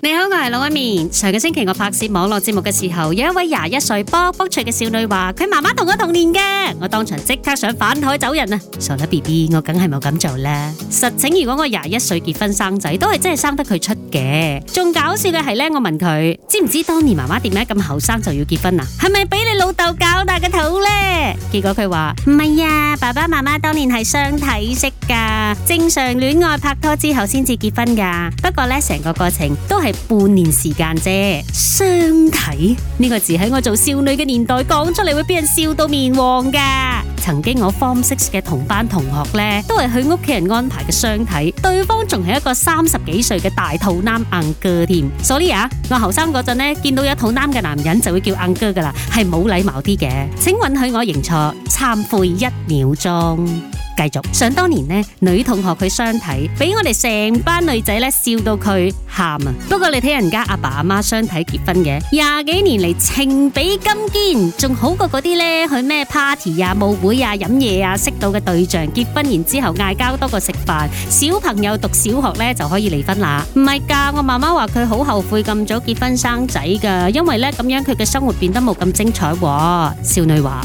你好，我係老阿綿。上個星期我拍攝網絡節目嘅時候，有一位廿一歲卜卜脆嘅少女話：佢媽媽同我同年嘅。我當場即刻想反台走人啊！傻啦，B B，我梗係冇咁做啦。實情如果我廿一歲結婚生仔，都係真係生得佢出嘅。仲搞笑嘅係呢，我問佢知唔知當年媽媽點解咁後生就要結婚啊？係咪俾你老豆搞大個肚呢？」結果佢話唔係啊，爸爸媽媽當年係雙體式噶，正常戀愛拍拖之後先至結婚噶。不過呢，成個過程都係。係半年時間啫，相睇呢個字喺我做少女嘅年代講出嚟會俾人笑到面黃噶。曾經我 form six 嘅同班同學呢，都係佢屋企人安排嘅相睇，對方仲係一個三十幾歲嘅大肚腩硬哥添。所以啊，我後生嗰陣呢，見到有肚腩嘅男人就會叫硬哥噶啦，係冇禮貌啲嘅，請允許我認錯，懺悔一秒鐘。繼續，想當年咧，女同學佢相睇，俾我哋成班女仔咧笑到佢喊啊！不過你睇人家阿爸阿媽相睇結婚嘅，廿幾年嚟情比金堅，仲好過嗰啲咧去咩 party 啊、舞會啊、飲嘢啊，識到嘅對象結婚，然之後嗌交多過食飯。小朋友讀小學咧就可以離婚啦，唔係噶，我媽媽話佢好後悔咁早結婚生仔噶，因為咧咁樣佢嘅生活變得冇咁精彩啊。少女話。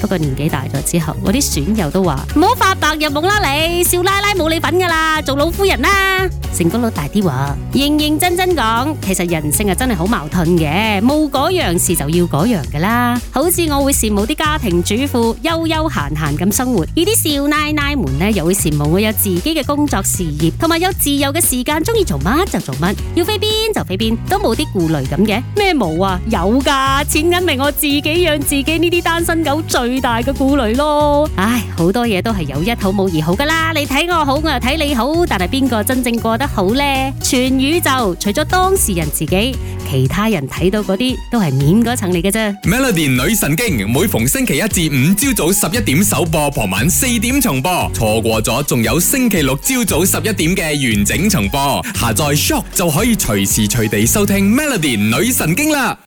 不過年紀大咗之後，我啲損友都話：唔好發白日夢啦，你少奶奶冇你份噶啦，做老夫人啦。成功佬大啲話：認認真真講，其實人性啊真係好矛盾嘅，冇嗰樣事就要嗰樣噶啦。好似我會羨慕啲家庭主婦悠悠閒閒咁生活，而啲少奶奶們呢，又會羨慕我有自己嘅工作事業，同埋有自由嘅時間，中意做乜就做乜，要飛邊就飛邊，都冇啲顧慮咁嘅。咩冇啊？有噶，錢銀明我自己養自己呢啲單身狗最。最大嘅顧慮咯，唉，好多嘢都係有一好冇二好噶啦。你睇我好，我又睇你好，但係邊個真正過得好呢？全宇宙除咗當事人自己，其他人睇到嗰啲都係面嗰層嚟嘅啫。Melody 女神經每逢星期一至五朝早十一點首播，傍晚四點重播，錯過咗仲有星期六朝早十一點嘅完整重播。下載 Syok 就可以隨時隨地收聽 Melody 女神經啦。